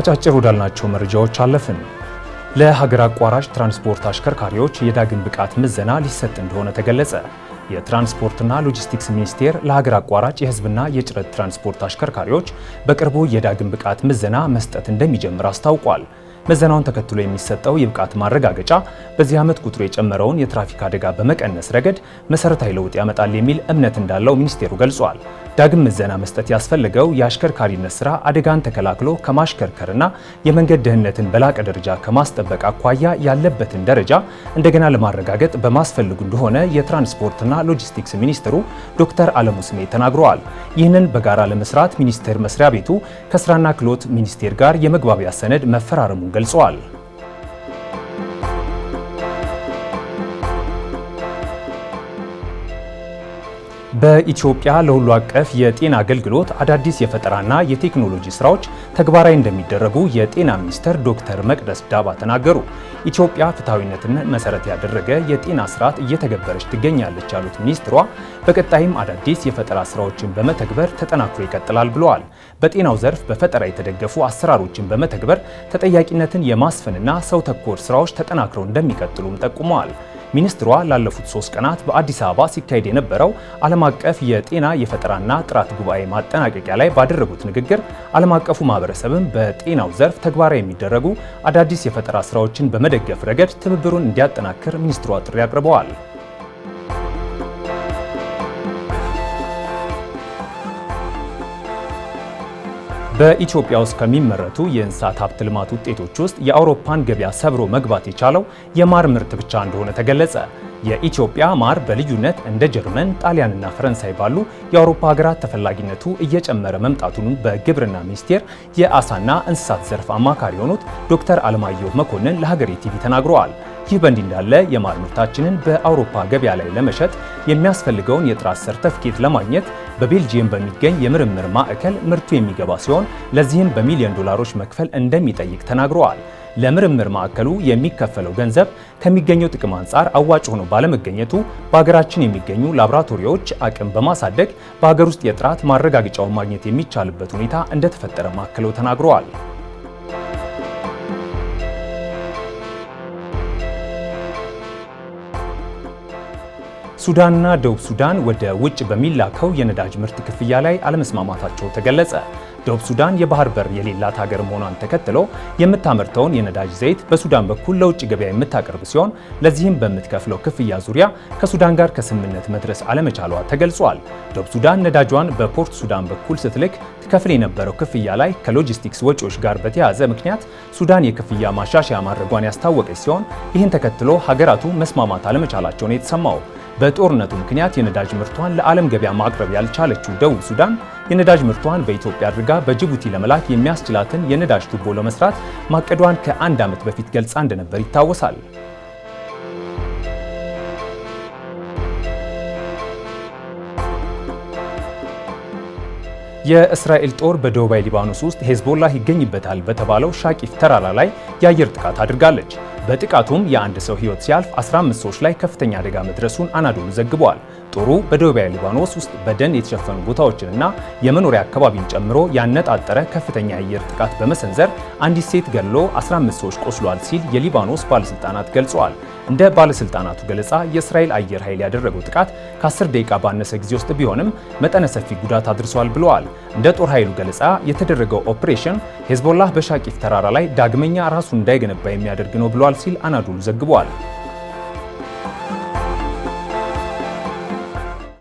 አጫጭር ወዳልናቸው መረጃዎች አለፍን። ለሀገር አቋራጭ ትራንስፖርት አሽከርካሪዎች የዳግም ብቃት ምዘና ሊሰጥ እንደሆነ ተገለጸ። የትራንስፖርትና ሎጂስቲክስ ሚኒስቴር ለሀገር አቋራጭ የህዝብና የጭነት ትራንስፖርት አሽከርካሪዎች በቅርቡ የዳግም ብቃት ምዘና መስጠት እንደሚጀምር አስታውቋል። ምዘናውን ተከትሎ የሚሰጠው የብቃት ማረጋገጫ በዚህ ዓመት ቁጥሩ የጨመረውን የትራፊክ አደጋ በመቀነስ ረገድ መሰረታዊ ለውጥ ያመጣል የሚል እምነት እንዳለው ሚኒስቴሩ ገልጿል። ዳግም ምዘና መስጠት ያስፈልገው የአሽከርካሪነት ስራ አደጋን ተከላክሎ ከማሽከርከርና የመንገድ ደህንነትን በላቀ ደረጃ ከማስጠበቅ አኳያ ያለበትን ደረጃ እንደገና ለማረጋገጥ በማስፈልጉ እንደሆነ የትራንስፖርትና ሎጂስቲክስ ሚኒስትሩ ዶክተር አለሙ ስሜ ተናግረዋል። ይህንን በጋራ ለመስራት ሚኒስቴር መስሪያ ቤቱ ከስራና ክህሎት ሚኒስቴር ጋር የመግባቢያ ሰነድ መፈራረሙ ገልጸዋል። በኢትዮጵያ ለሁሉ አቀፍ የጤና አገልግሎት አዳዲስ የፈጠራና የቴክኖሎጂ ስራዎች ተግባራዊ እንደሚደረጉ የጤና ሚኒስትር ዶክተር መቅደስ ዳባ ተናገሩ። ኢትዮጵያ ፍትሐዊነትን መሰረት ያደረገ የጤና ስርዓት እየተገበረች ትገኛለች ያሉት ሚኒስትሯ በቀጣይም አዳዲስ የፈጠራ ስራዎችን በመተግበር ተጠናክሮ ይቀጥላል ብለዋል። በጤናው ዘርፍ በፈጠራ የተደገፉ አሰራሮችን በመተግበር ተጠያቂነትን የማስፈንና ሰው ተኮር ስራዎች ተጠናክረው እንደሚቀጥሉም ጠቁመዋል። ሚኒስትሯ ላለፉት ሶስት ቀናት በአዲስ አበባ ሲካሄድ የነበረው ዓለም አቀፍ የጤና የፈጠራና ጥራት ጉባኤ ማጠናቀቂያ ላይ ባደረጉት ንግግር ዓለም አቀፉ ማህበረሰብም በጤናው ዘርፍ ተግባራዊ የሚደረጉ አዳዲስ የፈጠራ ስራዎችን በመደገፍ ረገድ ትብብሩን እንዲያጠናክር ሚኒስትሯ ጥሪ አቅርበዋል። በኢትዮጵያ ውስጥ ከሚመረቱ የእንስሳት ሀብት ልማት ውጤቶች ውስጥ የአውሮፓን ገበያ ሰብሮ መግባት የቻለው የማር ምርት ብቻ እንደሆነ ተገለጸ። የኢትዮጵያ ማር በልዩነት እንደ ጀርመን፣ ጣሊያንና ፈረንሳይ ባሉ የአውሮፓ ሀገራት ተፈላጊነቱ እየጨመረ መምጣቱን በግብርና ሚኒስቴር የአሳና እንስሳት ዘርፍ አማካሪ የሆኑት ዶክተር አለማየሁ መኮንን ለሀገሬ ቲቪ ተናግረዋል። ይህ በእንዲህ እንዳለ የማር ምርታችንን በአውሮፓ ገበያ ላይ ለመሸጥ የሚያስፈልገውን የጥራት ሰርተፍኬት ለማግኘት በቤልጂየም በሚገኝ የምርምር ማዕከል ምርቱ የሚገባ ሲሆን ለዚህም በሚሊዮን ዶላሮች መክፈል እንደሚጠይቅ ተናግረዋል። ለምርምር ማዕከሉ የሚከፈለው ገንዘብ ከሚገኘው ጥቅም አንጻር አዋጭ ሆኖ ባለመገኘቱ በሀገራችን የሚገኙ ላብራቶሪዎች አቅም በማሳደግ በሀገር ውስጥ የጥራት ማረጋገጫውን ማግኘት የሚቻልበት ሁኔታ እንደተፈጠረ ማዕከሉ ተናግረዋል። ሱዳንና ደቡብ ሱዳን ወደ ውጭ በሚላከው የነዳጅ ምርት ክፍያ ላይ አለመስማማታቸው ተገለጸ። ደቡብ ሱዳን የባህር በር የሌላት ሀገር መሆኗን ተከትሎ የምታመርተውን የነዳጅ ዘይት በሱዳን በኩል ለውጭ ገበያ የምታቀርብ ሲሆን ለዚህም በምትከፍለው ክፍያ ዙሪያ ከሱዳን ጋር ከስምምነት መድረስ አለመቻሏ ተገልጿል። ደቡብ ሱዳን ነዳጇን በፖርት ሱዳን በኩል ስትልክ ትከፍል የነበረው ክፍያ ላይ ከሎጂስቲክስ ወጪዎች ጋር በተያያዘ ምክንያት ሱዳን የክፍያ ማሻሻያ ማድረጓን ያስታወቀች ሲሆን ይህን ተከትሎ ሀገራቱ መስማማት ነው የተሰማው በጦርነቱ ምክንያት የነዳጅ ምርቷን ለዓለም ገበያ ማቅረብ ያልቻለችው ደቡብ ሱዳን የነዳጅ ምርቷን በኢትዮጵያ አድርጋ በጅቡቲ ለመላክ የሚያስችላትን የነዳጅ ቱቦ ለመስራት ማቀዷን ከአንድ ዓመት በፊት ገልጻ እንደነበር ይታወሳል። የእስራኤል ጦር በደቡባዊ ሊባኖስ ውስጥ ሄዝቦላህ ይገኝበታል በተባለው ሻቂፍ ተራራ ላይ የአየር ጥቃት አድርጋለች። በጥቃቱም የአንድ ሰው ሕይወት ሲያልፍ 15 ሰዎች ላይ ከፍተኛ አደጋ መድረሱን አናዶሉ ዘግበዋል። ጦሩ በደቡባዊ ሊባኖስ ውስጥ በደን የተሸፈኑ ቦታዎችንና የመኖሪያ አካባቢን ጨምሮ ያነጣጠረ ከፍተኛ የአየር ጥቃት በመሰንዘር አንዲት ሴት ገድሎ 15 ሰዎች ቆስሏል ሲል የሊባኖስ ባለሥልጣናት ገልጸዋል። እንደ ባለስልጣናቱ ገለጻ የእስራኤል አየር ኃይል ያደረገው ጥቃት ከ10 ደቂቃ ባነሰ ጊዜ ውስጥ ቢሆንም መጠነ ሰፊ ጉዳት አድርሷል ብለዋል። እንደ ጦር ኃይሉ ገለጻ የተደረገው ኦፕሬሽን ሄዝቦላህ በሻቂፍ ተራራ ላይ ዳግመኛ ራሱን እንዳይገነባ የሚያደርግ ነው ብለዋል ሲል አናዶሉ ዘግቧል።